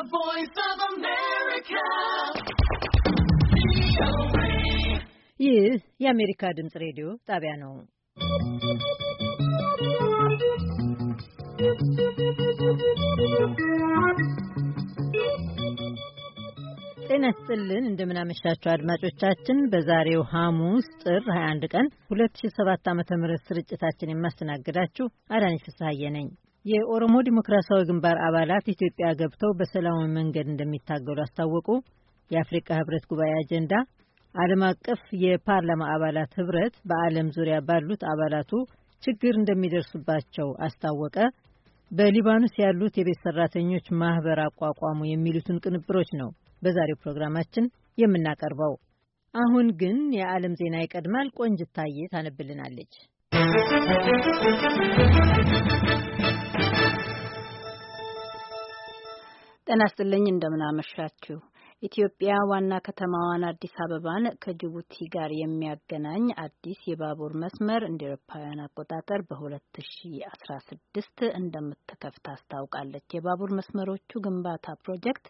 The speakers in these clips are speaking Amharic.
The voice of America. ይህ የአሜሪካ ድምፅ ሬዲዮ ጣቢያ ነው። ጤና ይስጥልን፣ እንደምናመሻቸው አድማጮቻችን በዛሬው ሐሙስ ጥር 21 ቀን 2007 ም ስርጭታችን የማስተናግዳችሁ አዳነች ፍስሐዬ ነኝ። የኦሮሞ ዲሞክራሲያዊ ግንባር አባላት ኢትዮጵያ ገብተው በሰላማዊ መንገድ እንደሚታገሉ አስታወቁ። የአፍሪካ ህብረት ጉባኤ አጀንዳ ዓለም አቀፍ የፓርላማ አባላት ህብረት በዓለም ዙሪያ ባሉት አባላቱ ችግር እንደሚደርሱባቸው አስታወቀ። በሊባኖስ ያሉት የቤት ሰራተኞች ማህበር አቋቋሙ። የሚሉትን ቅንብሮች ነው በዛሬው ፕሮግራማችን የምናቀርበው። አሁን ግን የዓለም ዜና ይቀድማል። ቆንጅታዬ ታነብልናለች። ጤና ይስጥልኝ። እንደምናመሻችሁ። ኢትዮጵያ ዋና ከተማዋን አዲስ አበባን ከጅቡቲ ጋር የሚያገናኝ አዲስ የባቡር መስመር እንደ ኤሮፓውያን አቆጣጠር በ2016 እንደምትከፍት አስታውቃለች። የባቡር መስመሮቹ ግንባታ ፕሮጀክት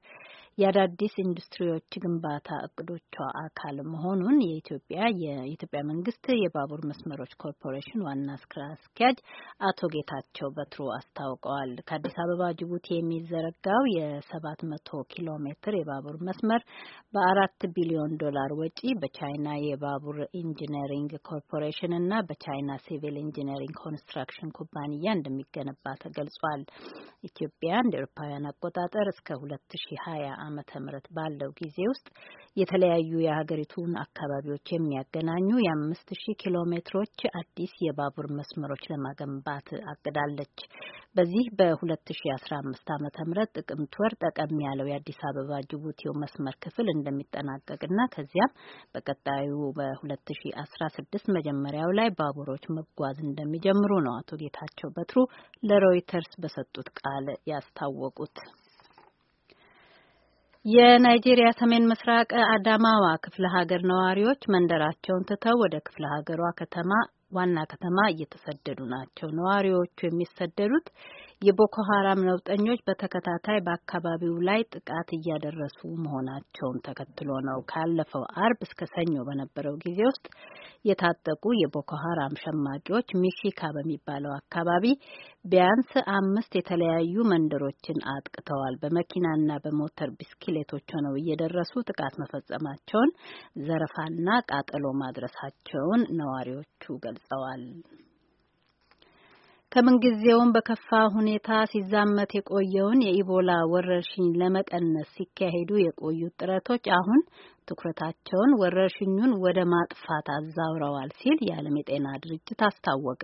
የአዳዲስ ኢንዱስትሪዎች ግንባታ እቅዶቿ አካል መሆኑን የኢትዮጵያ የኢትዮጵያ መንግስት የባቡር መስመሮች ኮርፖሬሽን ዋና ስራ አስኪያጅ አቶ ጌታቸው በትሩ አስታውቀዋል። ከአዲስ አበባ ጅቡቲ የሚዘረጋው የሰባት መቶ ኪሎ ሜትር የባቡር መስመር በአራት ቢሊዮን ዶላር ወጪ በቻይና የባቡር ኢንጂነሪንግ ኮርፖሬሽን እና በቻይና ሲቪል ኢንጂነሪንግ ኮንስትራክሽን ኩባንያ እንደሚገነባ ተገልጿል። ኢትዮጵያ እንደ ኤሮፓውያን አቆጣጠር እስከ ሁለት ሺ ሀያ ዓመተ ምህረት ባለው ጊዜ ውስጥ የተለያዩ የሀገሪቱን አካባቢዎች የሚያገናኙ የአምስት ሺህ ኪሎ ሜትሮች አዲስ የባቡር መስመሮች ለማገንባት አቅዳለች። በዚህ በ2015 ዓመተ ምህረት ጥቅምት ወር ጠቀም ያለው የአዲስ አበባ ጅቡቲው መስመር ክፍል እንደሚጠናቀቅና ከዚያም በቀጣዩ በ2016 መጀመሪያው ላይ ባቡሮች መጓዝ እንደሚጀምሩ ነው አቶ ጌታቸው በትሩ ለሮይተርስ በሰጡት ቃል ያስታወቁት። የናይጄሪያ ሰሜን ምስራቅ አዳማዋ ክፍለ ሀገር ነዋሪዎች መንደራቸውን ትተው ወደ ክፍለ ሀገሯ ከተማ ዋና ከተማ እየተሰደዱ ናቸው። ነዋሪዎቹ የሚሰደዱት የቦኮ ሀራም ነውጠኞች በተከታታይ በአካባቢው ላይ ጥቃት እያደረሱ መሆናቸውን ተከትሎ ነው። ካለፈው አርብ እስከ ሰኞ በነበረው ጊዜ ውስጥ የታጠቁ የቦኮ ሀራም ሸማቂዎች ሚሺካ በሚባለው አካባቢ ቢያንስ አምስት የተለያዩ መንደሮችን አጥቅተዋል። በመኪናና በሞተር ብስክሌቶች ሆነው እየደረሱ ጥቃት መፈጸማቸውን፣ ዘረፋና ቃጠሎ ማድረሳቸውን ነዋሪዎቹ ገልጸዋል። ከምንጊዜውም በከፋ ሁኔታ ሲዛመት የቆየውን የኢቦላ ወረርሽኝ ለመቀነስ ሲካሄዱ የቆዩት ጥረቶች አሁን ትኩረታቸውን ወረርሽኙን ወደ ማጥፋት አዛውረዋል ሲል የዓለም የጤና ድርጅት አስታወቀ።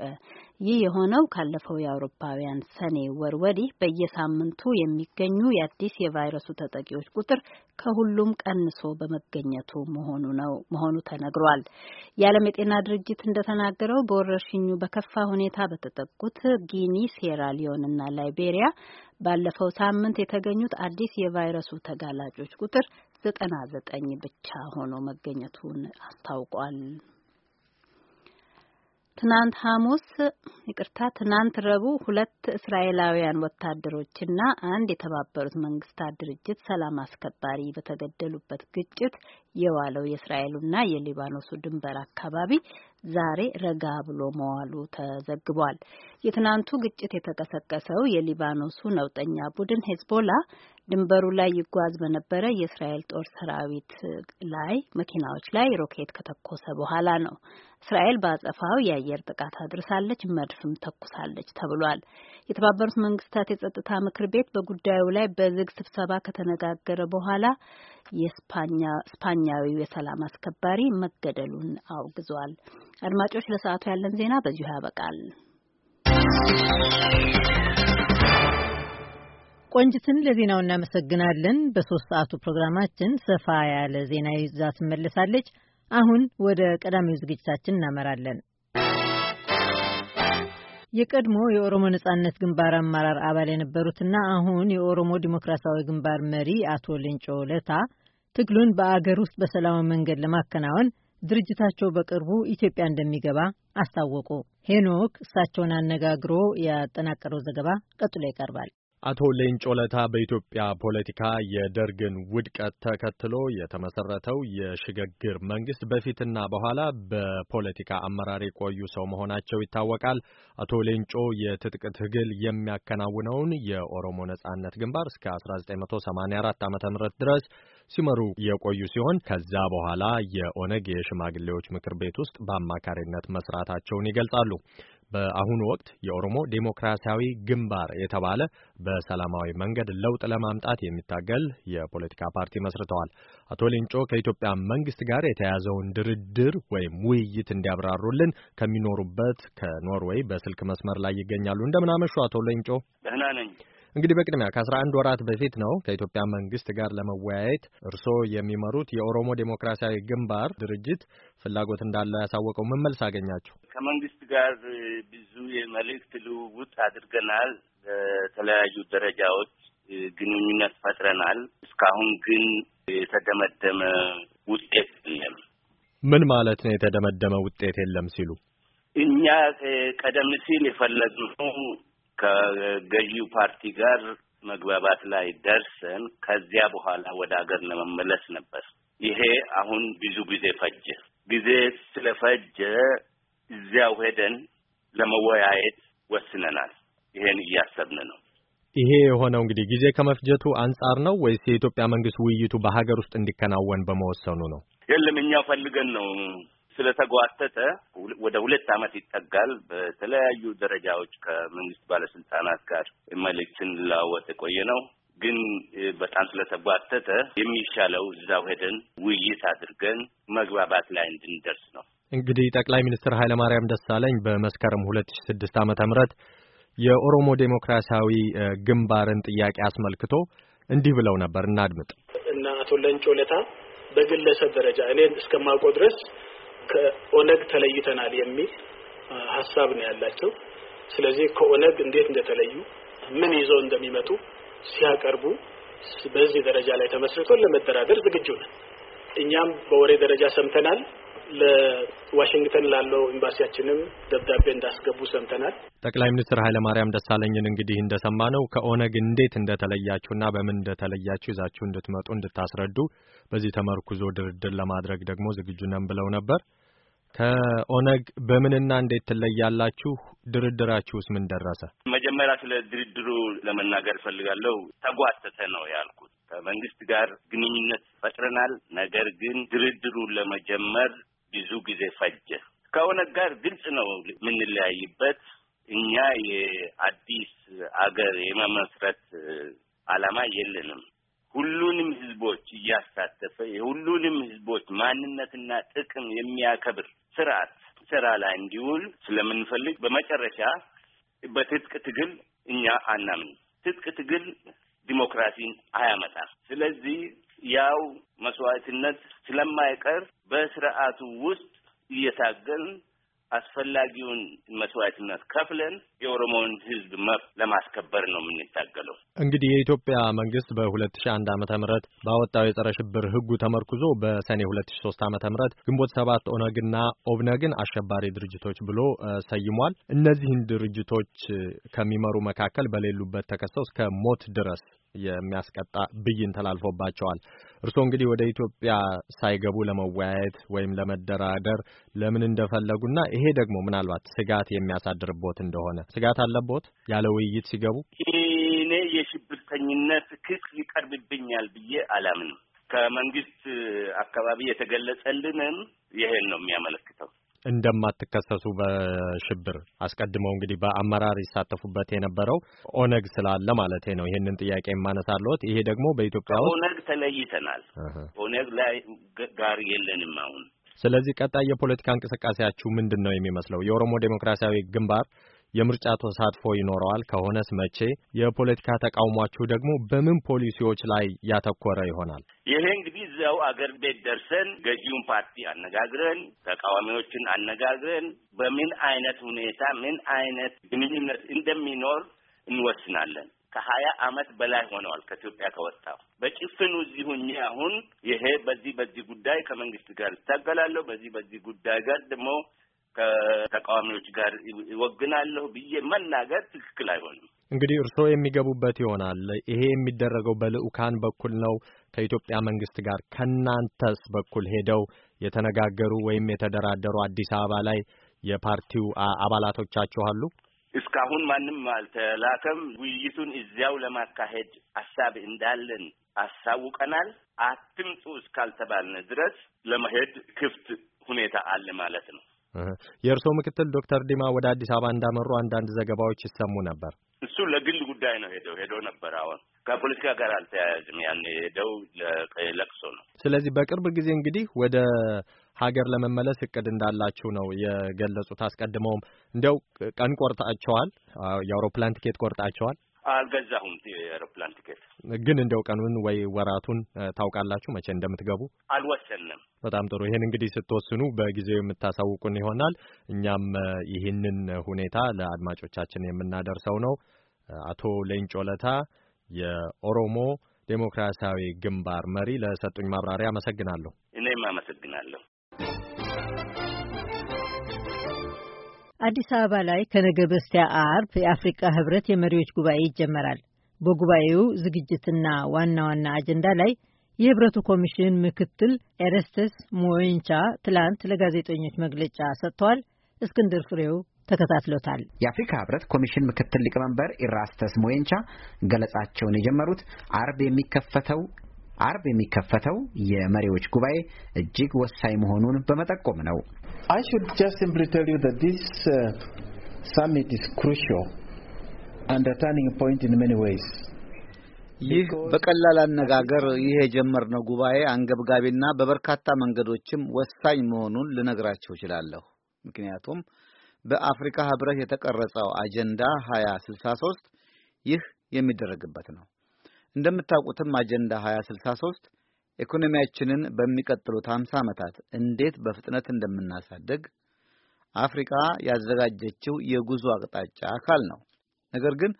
ይህ የሆነው ካለፈው የአውሮፓውያን ሰኔ ወር ወዲህ በየሳምንቱ የሚገኙ የአዲስ የቫይረሱ ተጠቂዎች ቁጥር ከሁሉም ቀንሶ በመገኘቱ መሆኑ ነው መሆኑ ተነግሯል። የዓለም የጤና ድርጅት እንደተናገረው በወረርሽኙ በከፋ ሁኔታ በተጠቁት ጊኒ፣ ሴራሊዮን እና ላይቤሪያ ባለፈው ሳምንት የተገኙት አዲስ የቫይረሱ ተጋላጮች ቁጥር ዘጠና ዘጠኝ ብቻ ሆኖ መገኘቱን አስታውቋል። ትናንት ሐሙስ ይቅርታ፣ ትናንት ረቡዕ ሁለት እስራኤላውያን ወታደሮችና አንድ የተባበሩት መንግስታት ድርጅት ሰላም አስከባሪ በተገደሉበት ግጭት የዋለው የእስራኤሉና የሊባኖሱ ድንበር አካባቢ ዛሬ ረጋ ብሎ መዋሉ ተዘግቧል። የትናንቱ ግጭት የተቀሰቀሰው የሊባኖሱ ነውጠኛ ቡድን ሄዝቦላ ድንበሩ ላይ ይጓዝ በነበረ የእስራኤል ጦር ሰራዊት ላይ መኪናዎች ላይ ሮኬት ከተኮሰ በኋላ ነው። እስራኤል በአጸፋው የአየር ጥቃት አድርሳለች፣ መድፍም ተኩሳለች ተብሏል። የተባበሩት መንግስታት የጸጥታ ምክር ቤት በጉዳዩ ላይ በዝግ ስብሰባ ከተነጋገረ በኋላ የስፓኛዊው የሰላም አስከባሪ መገደሉን አውግዟል። አድማጮች፣ ለሰዓቱ ያለን ዜና በዚሁ ያበቃል። ቆንጅትን ለዜናው እናመሰግናለን። በሶስት ሰዓቱ ፕሮግራማችን ሰፋ ያለ ዜና ይዛ ትመለሳለች። አሁን ወደ ቀዳሚው ዝግጅታችን እናመራለን። የቀድሞ የኦሮሞ ነጻነት ግንባር አመራር አባል የነበሩትና አሁን የኦሮሞ ዲሞክራሲያዊ ግንባር መሪ አቶ ልንጮ ለታ ትግሉን በአገር ውስጥ በሰላማዊ መንገድ ለማከናወን ድርጅታቸው በቅርቡ ኢትዮጵያ እንደሚገባ አስታወቁ። ሄኖክ እሳቸውን አነጋግሮ ያጠናቀረው ዘገባ ቀጥሎ ይቀርባል። አቶ ሌንጮ ለታ በኢትዮጵያ ፖለቲካ የደርግን ውድቀት ተከትሎ የተመሰረተው የሽግግር መንግስት በፊትና በኋላ በፖለቲካ አመራር የቆዩ ሰው መሆናቸው ይታወቃል። አቶ ሌንጮ የትጥቅ ትግል የሚያከናውነውን የኦሮሞ ነጻነት ግንባር እስከ 1984 ዓ ም ድረስ ሲመሩ የቆዩ ሲሆን ከዛ በኋላ የኦነግ የሽማግሌዎች ምክር ቤት ውስጥ በአማካሪነት መስራታቸውን ይገልጻሉ። በአሁኑ ወቅት የኦሮሞ ዴሞክራሲያዊ ግንባር የተባለ በሰላማዊ መንገድ ለውጥ ለማምጣት የሚታገል የፖለቲካ ፓርቲ መስርተዋል። አቶ ሌንጮ ከኢትዮጵያ መንግስት ጋር የተያዘውን ድርድር ወይም ውይይት እንዲያብራሩልን ከሚኖሩበት ከኖርዌይ በስልክ መስመር ላይ ይገኛሉ። እንደምናመሹ አቶ ሌንጮ። ደህና ነኝ። እንግዲህ በቅድሚያ ከ11 ወራት በፊት ነው ከኢትዮጵያ መንግስት ጋር ለመወያየት እርስዎ የሚመሩት የኦሮሞ ዴሞክራሲያዊ ግንባር ድርጅት ፍላጎት እንዳለው ያሳወቀው ምን መልስ አገኛችሁ? ከመንግስት ጋር ብዙ የመልእክት ልውውጥ አድርገናል። በተለያዩ ደረጃዎች ግንኙነት ፈጥረናል። እስካሁን ግን የተደመደመ ውጤት የለም። ምን ማለት ነው የተደመደመ ውጤት የለም ሲሉ? እኛ ቀደም ሲል የፈለግነው ከገዢው ፓርቲ ጋር መግባባት ላይ ደርሰን ከዚያ በኋላ ወደ ሀገር ለመመለስ ነበር። ይሄ አሁን ብዙ ጊዜ ፈጀ። ጊዜ ስለፈጀ እዚያው ሄደን ለመወያየት ወስነናል። ይሄን እያሰብን ነው። ይሄ የሆነው እንግዲህ ጊዜ ከመፍጀቱ አንጻር ነው ወይስ የኢትዮጵያ መንግስት ውይይቱ በሀገር ውስጥ እንዲከናወን በመወሰኑ ነው? የለም እኛ ፈልገን ነው ስለተጓተተ ወደ ሁለት ዓመት ይጠጋል። በተለያዩ ደረጃዎች ከመንግስት ባለስልጣናት ጋር መልእክትን ለዋወጥ የቆየ ነው። ግን በጣም ስለተጓተተ የሚሻለው እዛው ሄደን ውይይት አድርገን መግባባት ላይ እንድንደርስ ነው። እንግዲህ ጠቅላይ ሚኒስትር ኃይለማርያም ደሳለኝ በመስከረም ሁለት ሺ ስድስት ዓመተ ምህረት የኦሮሞ ዴሞክራሲያዊ ግንባርን ጥያቄ አስመልክቶ እንዲህ ብለው ነበር። እናድምጥ እና አቶ ለንጮ ለታ በግለሰብ ደረጃ እኔ እስከማውቀው ድረስ ከኦነግ ተለይተናል የሚል ሀሳብ ነው ያላቸው። ስለዚህ ከኦነግ እንዴት እንደተለዩ ምን ይዘው እንደሚመጡ ሲያቀርቡ በዚህ ደረጃ ላይ ተመስርቶ ለመደራደር ዝግጁ ነን። እኛም በወሬ ደረጃ ሰምተናል። ለዋሽንግተን ላለው ኤምባሲያችንም ደብዳቤ እንዳስገቡ ሰምተናል። ጠቅላይ ሚኒስትር ኃይለማርያም ደሳለኝን እንግዲህ እንደሰማ ነው ከኦነግ እንዴት እንደተለያችሁና በምን እንደተለያችሁ ይዛችሁ እንድትመጡ እንድታስረዱ በዚህ ተመርኩዞ ድርድር ለማድረግ ደግሞ ዝግጁ ነን ብለው ነበር። ከኦነግ በምንና እንዴት ትለያላችሁ? ድርድራችሁስ ምን ደረሰ? መጀመሪያ ስለ ድርድሩ ለመናገር እፈልጋለሁ። ተጓተተ ነው ያልኩት። ከመንግስት ጋር ግንኙነት ፈጥረናል። ነገር ግን ድርድሩ ለመጀመር ብዙ ጊዜ ፈጀ። ከኦነግ ጋር ግልጽ ነው የምንለያይበት። እኛ የአዲስ አገር የመመስረት አላማ የለንም። ሁሉንም ህዝቦች እያሳተፈ የሁሉንም ህዝቦች ማንነትና ጥቅም የሚያከብር ስርዓት ስራ ላይ እንዲውል ስለምንፈልግ በመጨረሻ በትጥቅ ትግል እኛ አናምን። ትጥቅ ትግል ዲሞክራሲን አያመጣም። ስለዚህ ያው መስዋዕትነት ስለማይቀር በስርዓቱ ውስጥ እየታገልን አስፈላጊውን መስዋዕትነት ከፍለን የኦሮሞውን ህዝብ መብት ለማስከበር ነው የምንታገለው። እንግዲህ የኢትዮጵያ መንግስት በሁለት ሺ አንድ ዓመተ ምህረት ባወጣው የጸረ ሽብር ህጉ ተመርኩዞ በሰኔ ሁለት ሺ ሶስት ዓመተ ምህረት ግንቦት ሰባት ኦነግና ኦብነግን አሸባሪ ድርጅቶች ብሎ ሰይሟል። እነዚህን ድርጅቶች ከሚመሩ መካከል በሌሉበት ተከሰው እስከ ሞት ድረስ የሚያስቀጣ ብይን ተላልፎባቸዋል። እርስዎ እንግዲህ ወደ ኢትዮጵያ ሳይገቡ ለመወያየት ወይም ለመደራደር ለምን እንደፈለጉና ይሄ ደግሞ ምናልባት ስጋት የሚያሳድርቦት እንደሆነ ስጋት አለቦት? ያለ ውይይት ሲገቡ እኔ የሽብርተኝነት ክስ ይቀርብብኛል ብዬ አላምንም። ከመንግስት አካባቢ የተገለጸልንም ይሄን ነው የሚያመለክተው። እንደማትከሰሱ በሽብር አስቀድመው እንግዲህ በአመራር ይሳተፉበት የነበረው ኦነግ ስላለ ማለት ነው። ይህንን ጥያቄ የማነሳለሁት ይሄ ደግሞ በኢትዮጵያ ውስጥ ኦነግ ተለይተናል። ኦነግ ላይ ጋር የለንም አሁን። ስለዚህ ቀጣይ የፖለቲካ እንቅስቃሴያችሁ ምንድን ነው የሚመስለው? የኦሮሞ ዴሞክራሲያዊ ግንባር የምርጫ ተሳትፎ ይኖረዋል ከሆነስ መቼ? የፖለቲካ ተቃውሟችሁ ደግሞ በምን ፖሊሲዎች ላይ ያተኮረ ይሆናል? ይሄ እንግዲህ እዚያው አገር ቤት ደርሰን ገዢውን ፓርቲ አነጋግረን ተቃዋሚዎችን አነጋግረን በምን አይነት ሁኔታ ምን አይነት ግንኙነት እንደሚኖር እንወስናለን። ከሀያ አመት በላይ ሆነዋል ከኢትዮጵያ ከወጣው በጭፍኑ እዚህ አሁን ይሄ በዚህ በዚህ ጉዳይ ከመንግስት ጋር ይታገላለሁ፣ በዚህ በዚህ ጉዳይ ጋር ደግሞ ከተቃዋሚዎች ጋር ይወግናለሁ ብዬ መናገር ትክክል አይሆንም። እንግዲህ እርስዎ የሚገቡበት ይሆናል። ይሄ የሚደረገው በልዑካን በኩል ነው ከኢትዮጵያ መንግስት ጋር። ከናንተስ በኩል ሄደው የተነጋገሩ ወይም የተደራደሩ አዲስ አበባ ላይ የፓርቲው አባላቶቻችሁ አሉ? እስካሁን ማንም አልተላከም። ውይይቱን እዚያው ለማካሄድ ሀሳብ እንዳለን አሳውቀናል። አትምጡ እስካልተባልን ድረስ ለመሄድ ክፍት ሁኔታ አለ ማለት ነው። የእርስዎ ምክትል ዶክተር ዲማ ወደ አዲስ አበባ እንዳመሩ አንዳንድ ዘገባዎች ይሰሙ ነበር። እሱ ለግል ጉዳይ ነው ሄደው ሄደው ነበር። አሁን ከፖለቲካ ጋር አልተያያዝም። ያን ሄደው ለቅሶ ነው። ስለዚህ በቅርብ ጊዜ እንግዲህ ወደ ሀገር ለመመለስ እቅድ እንዳላችሁ ነው የገለጹት። አስቀድመውም እንደው ቀን ቆርጣቸዋል፣ የአውሮፕላን ትኬት ቆርጣቸዋል? አልገዛሁም የአውሮፕላን ትኬት። ግን እንደው ቀኑን ወይ ወራቱን ታውቃላችሁ መቼ እንደምትገቡ? አልወሰንም። በጣም ጥሩ። ይሄን እንግዲህ ስትወስኑ በጊዜው የምታሳውቁን ይሆናል። እኛም ይህንን ሁኔታ ለአድማጮቻችን የምናደርሰው ነው። አቶ ሌንጮ ለታ የኦሮሞ ዴሞክራሲያዊ ግንባር መሪ ለሰጡኝ ማብራሪያ አመሰግናለሁ። እኔም አመሰግናለሁ። አዲስ አበባ ላይ ከነገ በስቲያ አርብ የአፍሪካ ህብረት የመሪዎች ጉባኤ ይጀመራል። በጉባኤው ዝግጅትና ዋና ዋና አጀንዳ ላይ የህብረቱ ኮሚሽን ምክትል ኤረስተስ ሞወንቻ ትላንት ለጋዜጠኞች መግለጫ ሰጥተዋል። እስክንድር ፍሬው ተከታትሎታል። የአፍሪካ ህብረት ኮሚሽን ምክትል ሊቀመንበር ኢራስተስ ሞንቻ ገለጻቸውን የጀመሩት አርብ የሚከፈተው አርብ የሚከፈተው የመሪዎች ጉባኤ እጅግ ወሳኝ መሆኑን በመጠቆም ነው። I should just simply tell you that this uh, summit is crucial and a turning point in many ways. ይህ በቀላል አነጋገር ይህ የጀመርነው ጉባኤ አንገብጋቢና በበርካታ መንገዶችም ወሳኝ መሆኑን ልነግራችሁ እችላለሁ። ምክንያቱም በአፍሪካ ህብረት የተቀረጸው አጀንዳ 2063 ይህ የሚደረግበት ነው። እንደምታውቁትም አጀንዳ 2063 ኢኮኖሚያችንን በሚቀጥሉት 50 ዓመታት እንዴት በፍጥነት እንደምናሳድግ አፍሪካ ያዘጋጀችው የጉዞ አቅጣጫ አካል ነው። ነገር ግን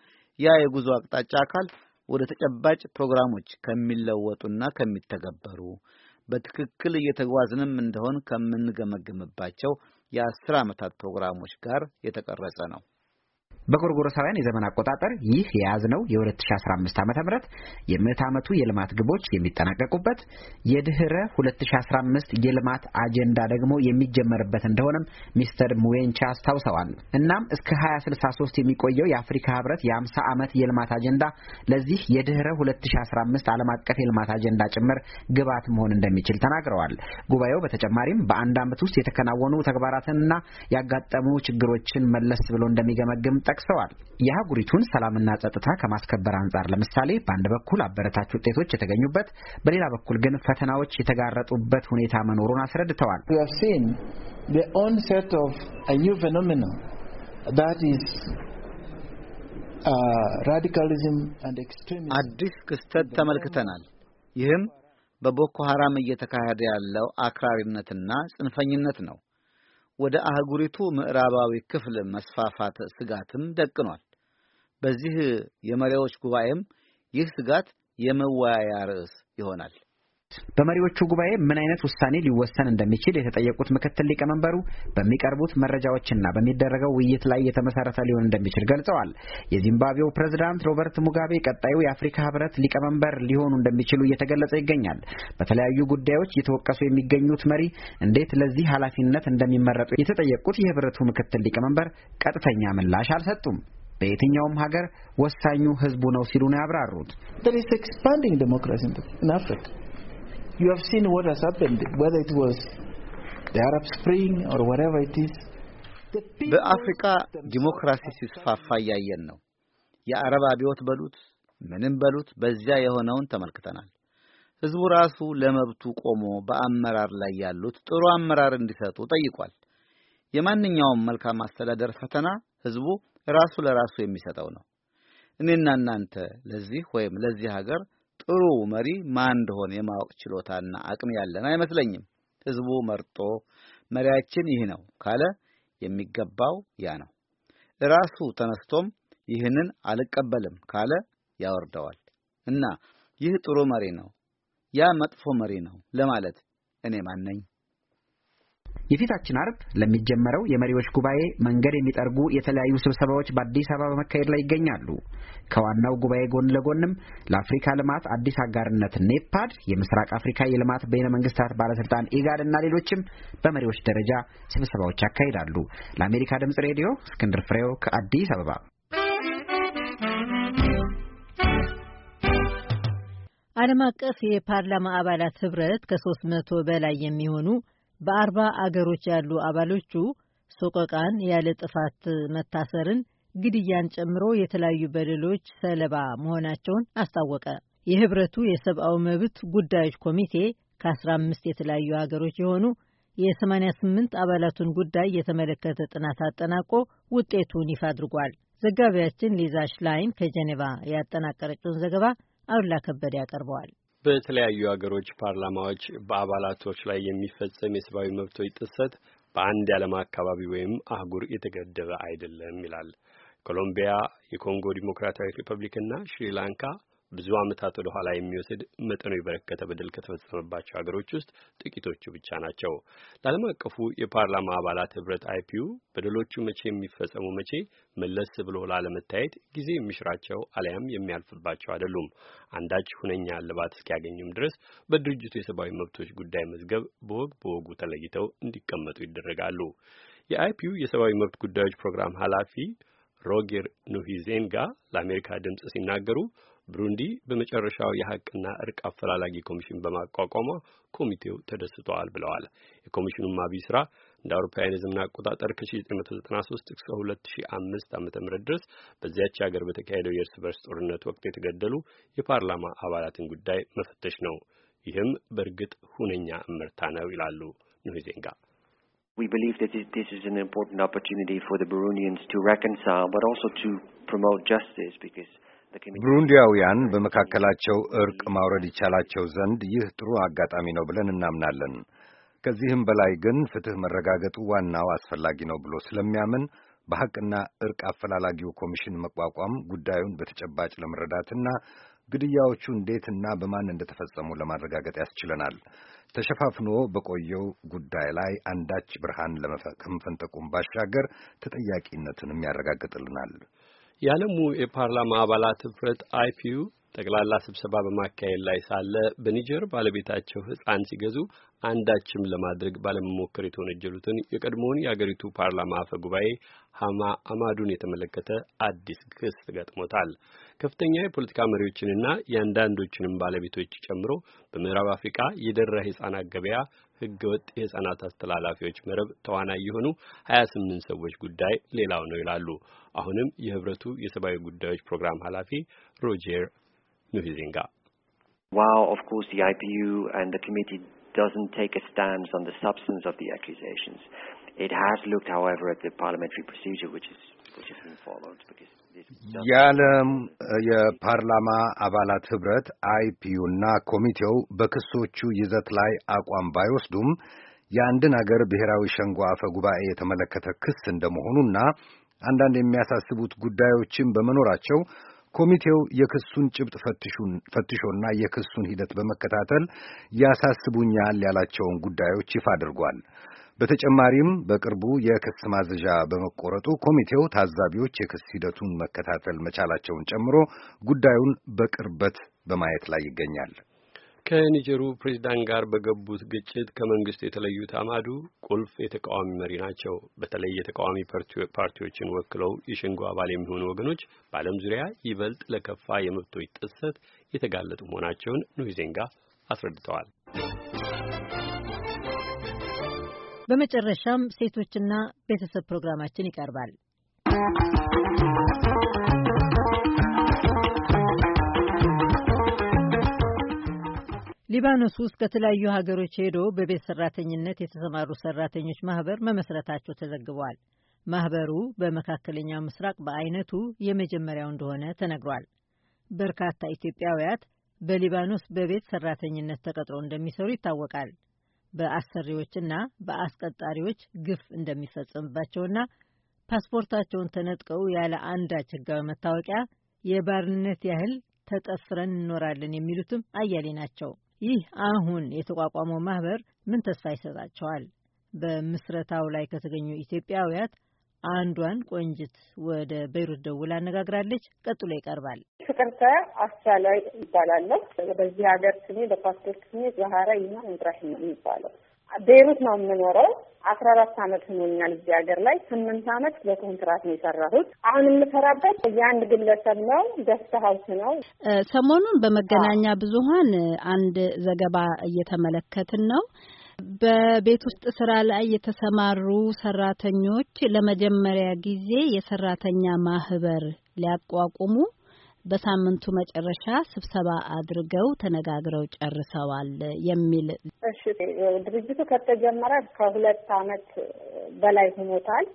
ያ የጉዞ አቅጣጫ አካል ወደ ተጨባጭ ፕሮግራሞች ከሚለወጡና ከሚተገበሩ በትክክል እየተጓዝንም እንደሆን ከምንገመግምባቸው የአስር ዓመታት ፕሮግራሞች ጋር የተቀረጸ ነው። በጎርጎረሳውያን የዘመን አቆጣጠር ይህ የያዝነው የ2015 ዓ ም የምዕት ዓመቱ የልማት ግቦች የሚጠናቀቁበት የድኅረ 2015 የልማት አጀንዳ ደግሞ የሚጀመርበት እንደሆነም ሚስተር ሙዌንቻ አስታውሰዋል። እናም እስከ 2063 የሚቆየው የአፍሪካ ህብረት የ50 ዓመት የልማት አጀንዳ ለዚህ የድኅረ 2015 ዓለም አቀፍ የልማት አጀንዳ ጭምር ግብዓት መሆን እንደሚችል ተናግረዋል። ጉባኤው በተጨማሪም በአንድ ዓመት ውስጥ የተከናወኑ ተግባራትንና ያጋጠሙ ችግሮችን መለስ ብሎ እንደሚገመግም ጠቅሰዋል። የአህጉሪቱን ሰላምና ጸጥታ ከማስከበር አንጻር ለምሳሌ በአንድ በኩል አበረታች ውጤቶች የተገኙበት፣ በሌላ በኩል ግን ፈተናዎች የተጋረጡበት ሁኔታ መኖሩን አስረድተዋል። uh, አዲስ ክስተት ተመልክተናል። ይህም በቦኮ ሐራም እየተካሄደ ያለው አክራሪነትና ጽንፈኝነት ነው። ወደ አህጉሪቱ ምዕራባዊ ክፍል መስፋፋት ስጋትም ደቅኗል። በዚህ የመሪዎች ጉባኤም ይህ ስጋት የመወያያ ርዕስ ይሆናል። በመሪዎቹ ጉባኤ ምን አይነት ውሳኔ ሊወሰን እንደሚችል የተጠየቁት ምክትል ሊቀመንበሩ በሚቀርቡት መረጃዎችና በሚደረገው ውይይት ላይ የተመሰረተ ሊሆን እንደሚችል ገልጸዋል። የዚምባብዌው ፕሬዝዳንት ሮበርት ሙጋቤ ቀጣዩ የአፍሪካ ህብረት ሊቀመንበር ሊሆኑ እንደሚችሉ እየተገለጸ ይገኛል። በተለያዩ ጉዳዮች እየተወቀሱ የሚገኙት መሪ እንዴት ለዚህ ኃላፊነት እንደሚመረጡ የተጠየቁት የህብረቱ ምክትል ሊቀመንበር ቀጥተኛ ምላሽ አልሰጡም። በየትኛውም ሀገር ወሳኙ ህዝቡ ነው ሲሉ ነው ያብራሩት። You have seen what has happened, whether it was the Arab Spring or whatever it is. በአፍሪካ ዲሞክራሲ ሲስፋፋ እያየን ነው። የአረብ አብዮት በሉት ምንም በሉት በዚያ የሆነውን ተመልክተናል። ህዝቡ ራሱ ለመብቱ ቆሞ በአመራር ላይ ያሉት ጥሩ አመራር እንዲሰጡ ጠይቋል። የማንኛውም መልካም አስተዳደር ፈተና ህዝቡ ራሱ ለራሱ የሚሰጠው ነው። እኔና እናንተ ለዚህ ወይም ለዚህ ሀገር ጥሩ መሪ ማን እንደሆነ የማወቅ ችሎታና አቅም ያለን አይመስለኝም። ህዝቡ መርጦ መሪያችን ይህ ነው ካለ የሚገባው ያ ነው። ራሱ ተነስቶም ይህንን አልቀበልም ካለ ያወርደዋል። እና ይህ ጥሩ መሪ ነው፣ ያ መጥፎ መሪ ነው ለማለት እኔ ማን ነኝ? የፊታችን አርብ ለሚጀመረው የመሪዎች ጉባኤ መንገድ የሚጠርጉ የተለያዩ ስብሰባዎች በአዲስ አበባ በመካሄድ ላይ ይገኛሉ። ከዋናው ጉባኤ ጎን ለጎንም ለአፍሪካ ልማት አዲስ አጋርነት ኔፓድ፣ የምስራቅ አፍሪካ የልማት በይነ መንግስታት ባለስልጣን ኢጋድ እና ሌሎችም በመሪዎች ደረጃ ስብሰባዎች ያካሂዳሉ። ለአሜሪካ ድምጽ ሬዲዮ እስክንድር ፍሬው ከአዲስ አበባ። ዓለም አቀፍ የፓርላማ አባላት ህብረት ከሶስት መቶ በላይ የሚሆኑ በአርባ አገሮች ያሉ አባሎቹ ሶቆቃን፣ ያለ ጥፋት መታሰርን፣ ግድያን ጨምሮ የተለያዩ በደሎች ሰለባ መሆናቸውን አስታወቀ። የህብረቱ የሰብአዊ መብት ጉዳዮች ኮሚቴ ከ15 የተለያዩ ሀገሮች የሆኑ የ88 አባላቱን ጉዳይ የተመለከተ ጥናት አጠናቆ ውጤቱን ይፋ አድርጓል። ዘጋቢያችን ሊዛ ሽላይን ከጀኔቫ ያጠናቀረችውን ዘገባ አሉላ ከበደ ያቀርበዋል። በተለያዩ ሀገሮች ፓርላማዎች በአባላቶች ላይ የሚፈጸም የሰብአዊ መብቶች ጥሰት በአንድ የዓለም አካባቢ ወይም አህጉር የተገደበ አይደለም ይላል። ኮሎምቢያ፣ የኮንጎ ዲሞክራታዊ ሪፐብሊክና ሽሪላንካ ብዙ ዓመታት ወደ ኋላ የሚወስድ መጠኑ የበረከተ በደል ከተፈጸመባቸው ሀገሮች ውስጥ ጥቂቶቹ ብቻ ናቸው። ለዓለም አቀፉ የፓርላማ አባላት ህብረት አይፒዩ በደሎቹ መቼ የሚፈጸሙ መቼ መለስ ብሎ ላለመታየት ጊዜ የሚሽራቸው አሊያም የሚያልፍባቸው አይደሉም። አንዳች ሁነኛ እልባት እስኪያገኙም ድረስ በድርጅቱ የሰብአዊ መብቶች ጉዳይ መዝገብ በወግ በወጉ ተለይተው እንዲቀመጡ ይደረጋሉ። የአይፒዩ የሰብአዊ መብት ጉዳዮች ፕሮግራም ኃላፊ ሮጌር ኑሂዜንጋ ለአሜሪካ ድምፅ ሲናገሩ ብሩንዲ በመጨረሻው የሀቅና እርቅ አፈላላጊ ኮሚሽን በማቋቋሟ ኮሚቴው ተደስተዋል ብለዋል። የኮሚሽኑም አብይ ስራ እንደ አውሮፓውያን የዘመን አቆጣጠር ከ1993 እስከ 2005 ዓ.ም ድረስ በዚያች ሀገር በተካሄደው የእርስ በርስ ጦርነት ወቅት የተገደሉ የፓርላማ አባላትን ጉዳይ መፈተሽ ነው። ይህም በእርግጥ ሁነኛ እምርታ ነው ይላሉ ኑህ ዜንጋ። We believe that this is an important opportunity for the Burundians to reconcile, but also to promote justice because ብሩንዲያውያን በመካከላቸው እርቅ ማውረድ ይቻላቸው ዘንድ ይህ ጥሩ አጋጣሚ ነው ብለን እናምናለን። ከዚህም በላይ ግን ፍትህ መረጋገጡ ዋናው አስፈላጊ ነው ብሎ ስለሚያምን በሐቅና እርቅ አፈላላጊው ኮሚሽን መቋቋም ጉዳዩን በተጨባጭ ለመረዳትና ግድያዎቹ እንዴትና በማን እንደተፈጸሙ ለማረጋገጥ ያስችለናል። ተሸፋፍኖ በቆየው ጉዳይ ላይ አንዳች ብርሃን ከመፈንጠቁም ባሻገር ተጠያቂነትንም ያረጋግጥልናል። የዓለሙ የፓርላማ አባላት ህብረት አይፒዩ ጠቅላላ ስብሰባ በማካሄድ ላይ ሳለ በኒጀር ባለቤታቸው ህፃን ሲገዙ አንዳችም ለማድረግ ባለመሞከር የተወነጀሉትን የቀድሞውን የአገሪቱ ፓርላማ አፈ ጉባኤ ሀማ አማዱን የተመለከተ አዲስ ክስ ገጥሞታል። ከፍተኛ የፖለቲካ መሪዎችንና የአንዳንዶችንም ባለቤቶች ጨምሮ በምዕራብ አፍሪካ የደራ የህፃናት ገበያ ህገወጥ የህጻናት አስተላላፊዎች መረብ ተዋናይ የሆኑ ሰዎች ጉዳይ ሌላው ነው ይላሉ። አሁንም የህብረቱ የሰብአዊ ጉዳዮች ፕሮግራም ኃላፊ ሮጀር the IPU and the committee doesn't take a stance on the substance of the accusations. It has looked, however, at the parliamentary procedure which is which has been followed because የዓለም የፓርላማ አባላት ህብረት አይፒዩና ኮሚቴው በክሶቹ ይዘት ላይ አቋም ባይወስዱም የአንድን አገር ብሔራዊ ሸንጎ አፈ ጉባኤ የተመለከተ ክስ እንደመሆኑና አንዳንድ የሚያሳስቡት ጉዳዮችን በመኖራቸው ኮሚቴው የክሱን ጭብጥ ፈትሾና የክሱን ሂደት በመከታተል ያሳስቡኛል ያላቸውን ጉዳዮች ይፋ አድርጓል። በተጨማሪም በቅርቡ የክስ ማዘዣ በመቆረጡ ኮሚቴው ታዛቢዎች የክስ ሂደቱን መከታተል መቻላቸውን ጨምሮ ጉዳዩን በቅርበት በማየት ላይ ይገኛል። ከኒጀሩ ፕሬዚዳንት ጋር በገቡት ግጭት ከመንግስት የተለዩት አማዱ ቁልፍ የተቃዋሚ መሪ ናቸው። በተለይ የተቃዋሚ ፓርቲዎችን ወክለው የሸንጎ አባል የሚሆኑ ወገኖች በዓለም ዙሪያ ይበልጥ ለከፋ የመብቶች ጥሰት የተጋለጡ መሆናቸውን ኑይዜንጋ አስረድተዋል። በመጨረሻም ሴቶችና ቤተሰብ ፕሮግራማችን ይቀርባል። ሊባኖስ ውስጥ ከተለያዩ ሀገሮች ሄዶ በቤት ሰራተኝነት የተሰማሩ ሰራተኞች ማህበር መመስረታቸው ተዘግቧል። ማህበሩ በመካከለኛው ምስራቅ በአይነቱ የመጀመሪያው እንደሆነ ተነግሯል። በርካታ ኢትዮጵያውያት በሊባኖስ በቤት ሰራተኝነት ተቀጥሮ እንደሚሰሩ ይታወቃል። በአሰሪዎችና በአስቀጣሪዎች ግፍ እንደሚፈጸምባቸውና ፓስፖርታቸውን ተነጥቀው ያለ አንዳች ሕጋዊ መታወቂያ የባርነት ያህል ተጠፍረን እንኖራለን የሚሉትም አያሌ ናቸው። ይህ አሁን የተቋቋመው ማህበር ምን ተስፋ ይሰጣቸዋል? በምስረታው ላይ ከተገኙ ኢትዮጵያውያት አንዷን ቆንጅት ወደ ቤይሩት ደውላ አነጋግራለች። ቀጥሎ ይቀርባል። ፍቅርተ አስቻላይ ይባላለሁ። በዚህ ሀገር ስሜ በፓስፖርት ስሜ ዛሀራ ይማን ኢብራሂም ነው የሚባለው። ቤይሩት ነው የምኖረው። አስራ አራት አመት ሆኖኛል እዚህ ሀገር ላይ። ስምንት አመት በኮንትራት ነው የሰራሁት። አሁን የምሰራበት የአንድ ግለሰብ ነው፣ ደስታ ሀውስ ነው። ሰሞኑን በመገናኛ ብዙኃን አንድ ዘገባ እየተመለከትን ነው። በቤት ውስጥ ስራ ላይ የተሰማሩ ሰራተኞች ለመጀመሪያ ጊዜ የሰራተኛ ማህበር ሊያቋቁሙ በሳምንቱ መጨረሻ ስብሰባ አድርገው ተነጋግረው ጨርሰዋል የሚል እሺ። ድርጅቱ ከተጀመረ ከሁለት አመት በላይ ሆኖታል።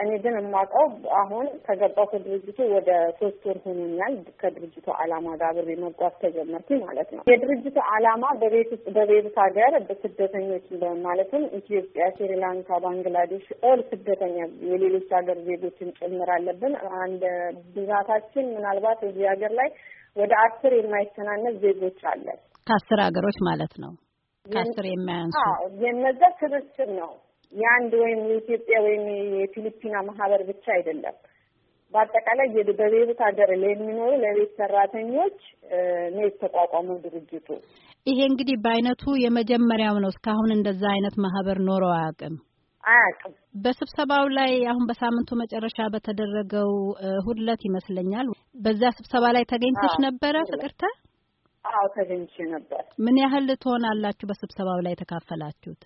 እኔ ግን የማውቀው አሁን ከገባው ከድርጅቱ ወደ ሶስት ወር ሆኖኛል። ከድርጅቱ አላማ ጋር አብሬ መጓዝ ተጀመርኩ ማለት ነው። የድርጅቱ አላማ በቤት ውስጥ በቤሩት ሀገር በስደተኞች ማለትም ኢትዮጵያ፣ ስሪላንካ፣ ባንግላዴሽ ኦል ስደተኛ የሌሎች ሀገር ዜጎችን ጭምር አለብን። አንድ ብዛታችን ምናልባት እዚህ ሀገር ላይ ወደ አስር የማይተናነስ ዜጎች አለን። ከአስር ሀገሮች ማለት ነው። ከአስር የማያንሱ የነዛ ስብስብ ነው። የአንድ ወይም የኢትዮጵያ ወይም የፊሊፒና ማህበር ብቻ አይደለም። በአጠቃላይ በቤሩት ሀገር የሚኖሩ ለቤት ሰራተኞች ነው የተቋቋመው ድርጅቱ። ይሄ እንግዲህ በአይነቱ የመጀመሪያው ነው። እስካሁን እንደዛ አይነት ማህበር ኖረው አያውቅም አያውቅም። በስብሰባው ላይ አሁን በሳምንቱ መጨረሻ በተደረገው እሑድ ዕለት ይመስለኛል፣ በዛ ስብሰባ ላይ ተገኝተሽ ነበረ ፍቅርተ? አዎ ተገኝቼ ነበር። ምን ያህል ትሆናላችሁ በስብሰባው ላይ የተካፈላችሁት?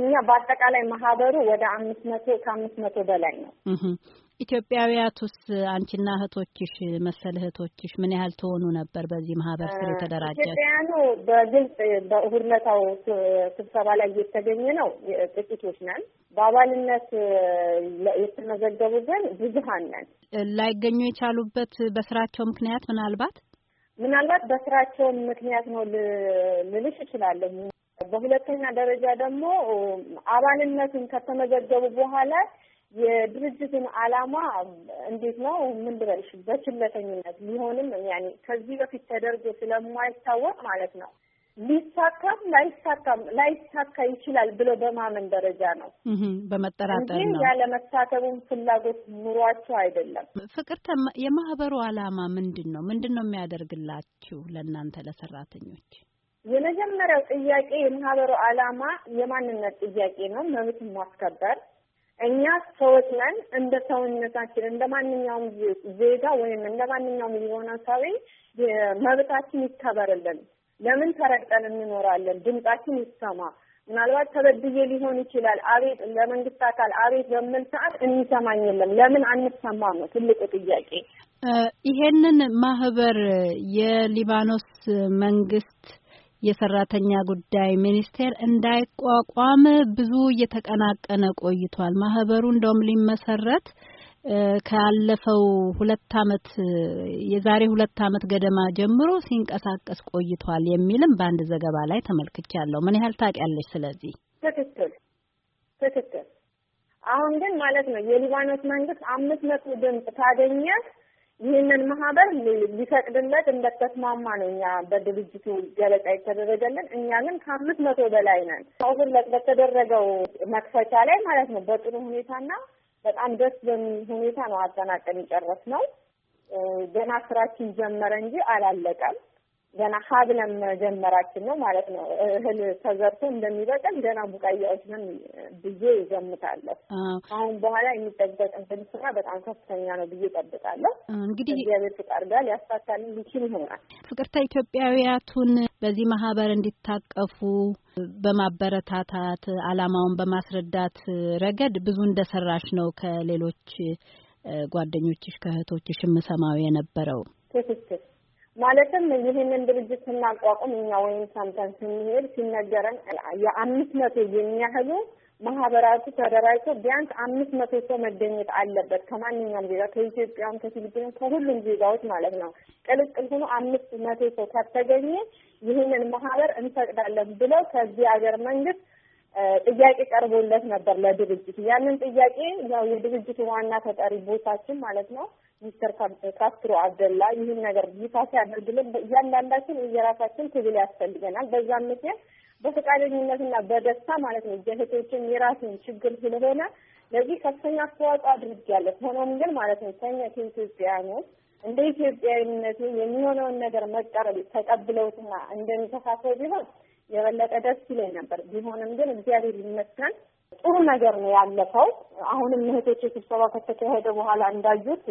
እኛ በአጠቃላይ ማህበሩ ወደ አምስት መቶ ከአምስት መቶ በላይ ነው። ኢትዮጵያውያት ውስጥ አንቺና እህቶችሽ መሰል እህቶችሽ ምን ያህል ትሆኑ ነበር በዚህ ማህበር ስር የተደራጃችሁ? በግልጽ በእሁድ ዕለታው ስብሰባ ላይ እየተገኘ ነው ጥቂቶች ነን። በአባልነት የተመዘገቡ ግን ብዙሀን ነን። ላይገኙ የቻሉበት በስራቸው ምክንያት ምናልባት ምናልባት በስራቸው ምክንያት ነው ልልሽ እችላለሁ። በሁለተኛ ደረጃ ደግሞ አባልነትን ከተመዘገቡ በኋላ የድርጅትን ዓላማ እንዴት ነው ምን ልበልሽ፣ በችለተኝነት ሊሆንም ከዚህ በፊት ተደርጎ ስለማይታወቅ ማለት ነው ሊሳካም ላይሳካም ላይሳካ ይችላል ብሎ በማመን ደረጃ ነው፣ በመጠራጠር ነው። ያለመሳተቡም ፍላጎት ኑሯቸው አይደለም። ፍቅር የማህበሩ ዓላማ ምንድን ነው? ምንድን ነው የሚያደርግላችሁ ለእናንተ ለሰራተኞች? የመጀመሪያው ጥያቄ የማህበሩ ዓላማ የማንነት ጥያቄ ነው፣ መብት ማስከበር። እኛ ሰዎች ነን። እንደ ሰውነታችን እንደ ማንኛውም ዜጋ ወይም እንደ ማንኛውም ሊሆናሳዊ መብታችን ይከበርልን። ለምን ተረግጠን እንኖራለን? ድምጻችን ይሰማ። ምናልባት ተበድዬ ሊሆን ይችላል። አቤት ለመንግስት አካል አቤት በምል ሰዓት የሚሰማኝ የለም። ለምን አንሰማም ነው ትልቁ ጥያቄ። ይሄንን ማህበር የሊባኖስ መንግስት የሰራተኛ ጉዳይ ሚኒስቴር እንዳይቋቋም ብዙ እየተቀናቀነ ቆይቷል። ማህበሩ እንደውም ሊመሰረት ካለፈው ሁለት አመት የዛሬ ሁለት አመት ገደማ ጀምሮ ሲንቀሳቀስ ቆይቷል የሚልም በአንድ ዘገባ ላይ ተመልክቻለሁ። ምን ያህል ታውቂያለሽ? ስለዚህ ትክክል ትክክል። አሁን ግን ማለት ነው የሊባኖስ መንግስት አምስት መቶ ድምፅ ካገኘ ይህንን ማህበር ሊፈቅድለት እንደተስማማ ነው እኛ በድርጅቱ ገለጻ የተደረገልን። እኛ ግን ከአምስት መቶ በላይ ነን። ሁለት በተደረገው መክፈቻ ላይ ማለት ነው በጥሩ ሁኔታና በጣም ደስ በሚል ሁኔታ ነው አጠናቀን የጨረስነው። ገና ስራችን ጀመረ እንጂ አላለቀም። ገና ሀብለን መጀመራችን ነው ማለት ነው። እህል ተዘርቶ እንደሚበቅል ገና ቡቃያዎች ነን ብዬ ይገምታለሁ። አሁን በኋላ እንትን ስራ በጣም ከፍተኛ ነው ብዬ ይጠብቃለሁ። እንግዲህ እግዚአብሔር ፍቃድ ጋር ሊያሳካል ሊችል ይሆናል። ፍቅርተ ኢትዮጵያውያቱን በዚህ ማህበር እንዲታቀፉ በማበረታታት አላማውን በማስረዳት ረገድ ብዙ እንደሰራሽ ነው ከሌሎች ጓደኞችሽ ከእህቶችሽ የምሰማው የነበረው ትክክል ማለትም ይህንን ድርጅት ስናቋቁም እኛ ወይም ሳምተን ስንሄድ ሲነገረን የአምስት መቶ የሚያህሉ ማህበራቱ ተደራጅቶ ቢያንስ አምስት መቶ ሰው መገኘት አለበት። ከማንኛውም ዜጋ ከኢትዮጵያም፣ ከፊሊፒንም ከሁሉም ዜጋዎች ማለት ነው። ቅልቅል ሆኖ አምስት መቶ ሰው ከተገኘ ይህንን ማህበር እንፈቅዳለን ብለው ከዚህ ሀገር መንግስት ጥያቄ ቀርቦለት ነበር ለድርጅት ያንን ጥያቄ ያው የድርጅቱ ዋና ተጠሪ ቦታችን ማለት ነው ሚስተር ካስትሮ አብደላ ይህን ነገር ይፋ ሲያደርግልን እያንዳንዳችን የራሳችን ትግል ያስፈልገናል። በዛም ምክንያት በፈቃደኝነትና በደስታ ማለት ነው እህቶችን የራስን ችግር ስለሆነ ለዚህ ከፍተኛ አስተዋጽኦ አድርጌያለሁ። ሆኖም ግን ማለት ነው ከኛ ከኢትዮጵያውያኖች እንደ ኢትዮጵያዊነት የሚሆነውን ነገር መቀረብ ተቀብለውትና እንደሚተሳሰብ ቢሆን የበለጠ ደስ ይለኝ ነበር። ቢሆንም ግን እግዚአብሔር ይመስገን ጥሩ ነገር ነው ያለፈው። አሁንም እህቶች የስብሰባ ከተካሄደ በኋላ እንዳዩት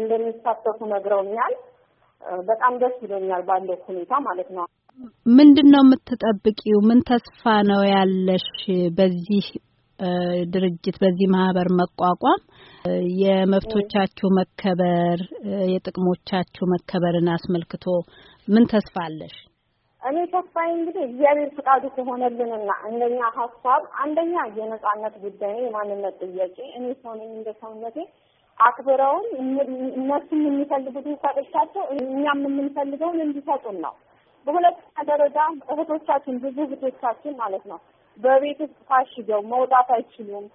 እንደሚሳተፉ ነግረውኛል። በጣም ደስ ይለኛል ባለው ሁኔታ ማለት ነው። ምንድን ነው የምትጠብቂው? ምን ተስፋ ነው ያለሽ በዚህ ድርጅት በዚህ ማህበር መቋቋም የመብቶቻችሁ መከበር የጥቅሞቻችሁ መከበርን አስመልክቶ ምን ተስፋ አለሽ? እኔ ተስፋዬ እንግዲህ እግዚአብሔር ፍቃዱ ከሆነልንና እንደኛ ሀሳብ አንደኛ የነጻነት ጉዳይ ነው፣ የማንነት ጥያቄ እኔ ሰው ነኝ እንደ ሰውነቴ አክብረውን እነሱም የሚፈልጉትን ሰጥቻቸው እኛም የምንፈልገውን እንዲሰጡን ነው። በሁለተኛ ደረጃ እህቶቻችን ብዙ እህቶቻችን ማለት ነው በቤት ውስጥ ታሽገው መውጣት አይችሉም።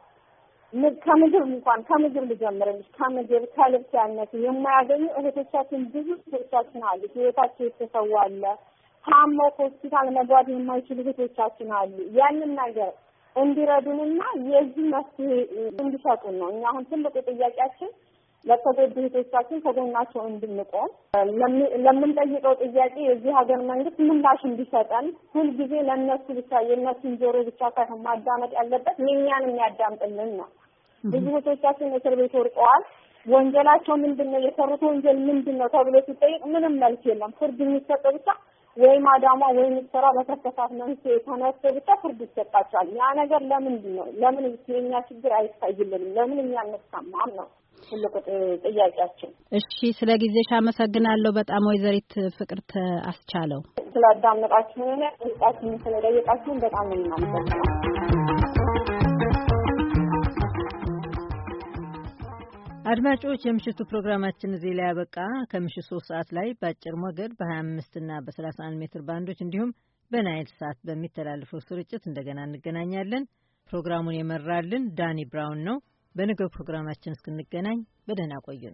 ከምግብ እንኳን ከምግብ ልጀምርልሽ፣ ከምግብ ከልብስ ያነት የማያገኙ እህቶቻችን ብዙ እህቶቻችን አሉ። ህይወታቸው የተሰዋለ ታሞ ሆስፒታል መግባት የማይችሉ እህቶቻችን አሉ። ያንን ነገር እንዲረዱንና የዚህ መፍትሄ እንዲሰጡን ነው። እኛ አሁን ትልቁ ጥያቄያችን ለተጎዱ እህቶቻችን ከጎናቸው እንድንቆም፣ ለምንጠይቀው ጥያቄ የዚህ ሀገር መንግስት ምላሽ እንዲሰጠን፣ ሁልጊዜ ለእነሱ ብቻ የእነሱን ጆሮ ብቻ ሳይሆን ማዳመጥ ያለበት የእኛን የሚያዳምጥልን ነው። ብዙ እህቶቻችን እስር ቤት ወርቀዋል። ወንጀላቸው ምንድን ነው? የሰሩት ወንጀል ምንድን ነው ተብሎ ሲጠይቅ ምንም መልስ የለም። ፍርድ የሚሰጠው ብቻ ወይም አዳማ ወይም ሰራ በከሰሳት መንስኤ ተነስቶ ብቻ ፍርድ ይሰጣቸዋል። ያ ነገር ለምንድን ነው? ለምን የኛ ችግር አይታይልንም? ለምን እኛ አንሰማም ነው ትልቁ ጥያቄያችን። እሺ፣ ስለ ጊዜሽ አመሰግናለሁ በጣም ወይዘሪት ፍቅርተ አስቻለው ስላዳመጣችሁን፣ ቃችሁን ስለጠየቃችሁን በጣም ነው አድማጮች የምሽቱ ፕሮግራማችን እዚህ ላይ ያበቃ። ከምሽት ሶስት ሰዓት ላይ በአጭር ሞገድ በ25 እና በ31 ሜትር ባንዶች እንዲሁም በናይል ሳት በሚተላለፈው ስርጭት እንደገና እንገናኛለን። ፕሮግራሙን የመራልን ዳኒ ብራውን ነው። በነገው ፕሮግራማችን እስክንገናኝ በደህና ቆዩን።